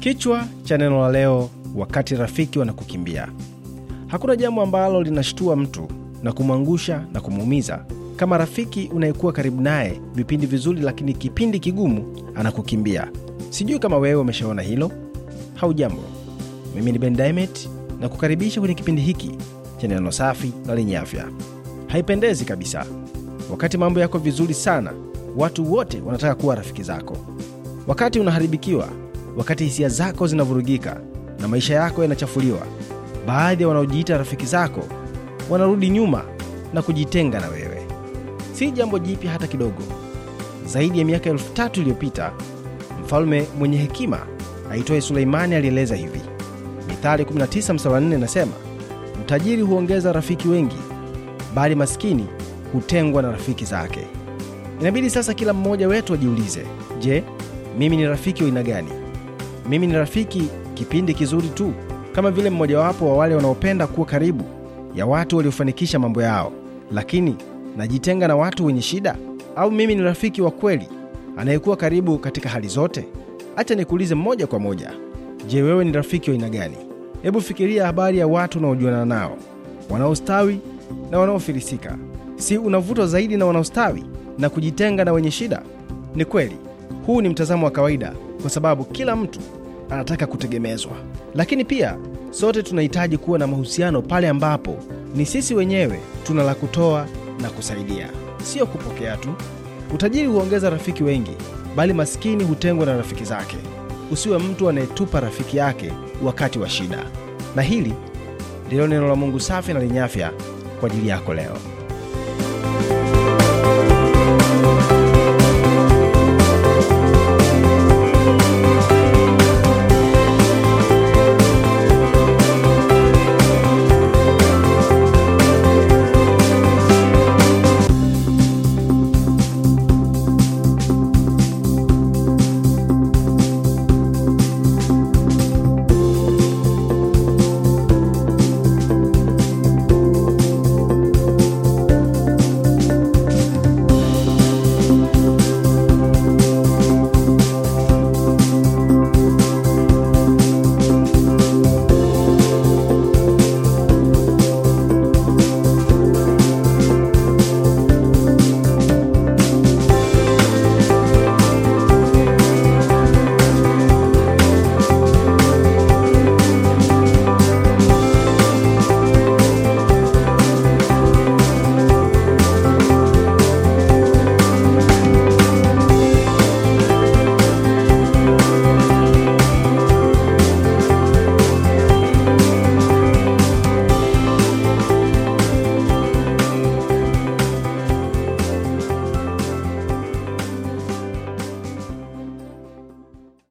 Kichwa cha neno la leo: wakati rafiki wanakukimbia. Hakuna jambo ambalo linashtua mtu na kumwangusha na kumuumiza kama rafiki unayekuwa karibu naye vipindi vizuri, lakini kipindi kigumu anakukimbia. Sijui kama wewe umeshaona hilo. Haujambo, mimi ni Ben Diamond na kukaribisha kwenye kipindi hiki cha neno safi na lenye afya. Haipendezi kabisa wakati mambo yako vizuri sana, watu wote wanataka kuwa rafiki zako. Wakati unaharibikiwa wakati hisia zako zinavurugika na maisha yako yanachafuliwa. Baadhi ya wanaojiita rafiki zako wanarudi nyuma na kujitenga na wewe. Si jambo jipya hata kidogo. Zaidi ya miaka elfu tatu iliyopita mfalme mwenye hekima aitwaye Suleimani alieleza hivi. Mithali 19 mstari 4 inasema, mtajiri huongeza rafiki wengi, bali masikini hutengwa na rafiki zake. Inabidi sasa kila mmoja wetu ajiulize, je, mimi ni rafiki wa aina gani? Mimi ni Rafiki, kipindi kizuri tu, kama vile mmojawapo wa wale wanaopenda kuwa karibu ya watu waliofanikisha mambo yao, lakini najitenga na watu wenye shida? Au mimi ni rafiki wa kweli anayekuwa karibu katika hali zote? hacha nikuulize moja kwa moja, je, wewe ni rafiki wa aina gani? Hebu fikiria habari ya watu unaojuana nao, wanaostawi na wanaofirisika Si unavutwa zaidi na wanaostawi na kujitenga na wenye shida? Ni kweli, huu ni mtazamo wa kawaida kwa sababu kila mtu anataka kutegemezwa, lakini pia sote tunahitaji kuwa na mahusiano pale ambapo ni sisi wenyewe tuna la kutoa na kusaidia, sio kupokea tu. Utajiri huongeza rafiki wengi, bali masikini hutengwa na rafiki zake. Usiwe mtu anayetupa rafiki yake wakati wa shida. Na hili ndilo neno la Mungu safi na lenye afya kwa ajili yako leo.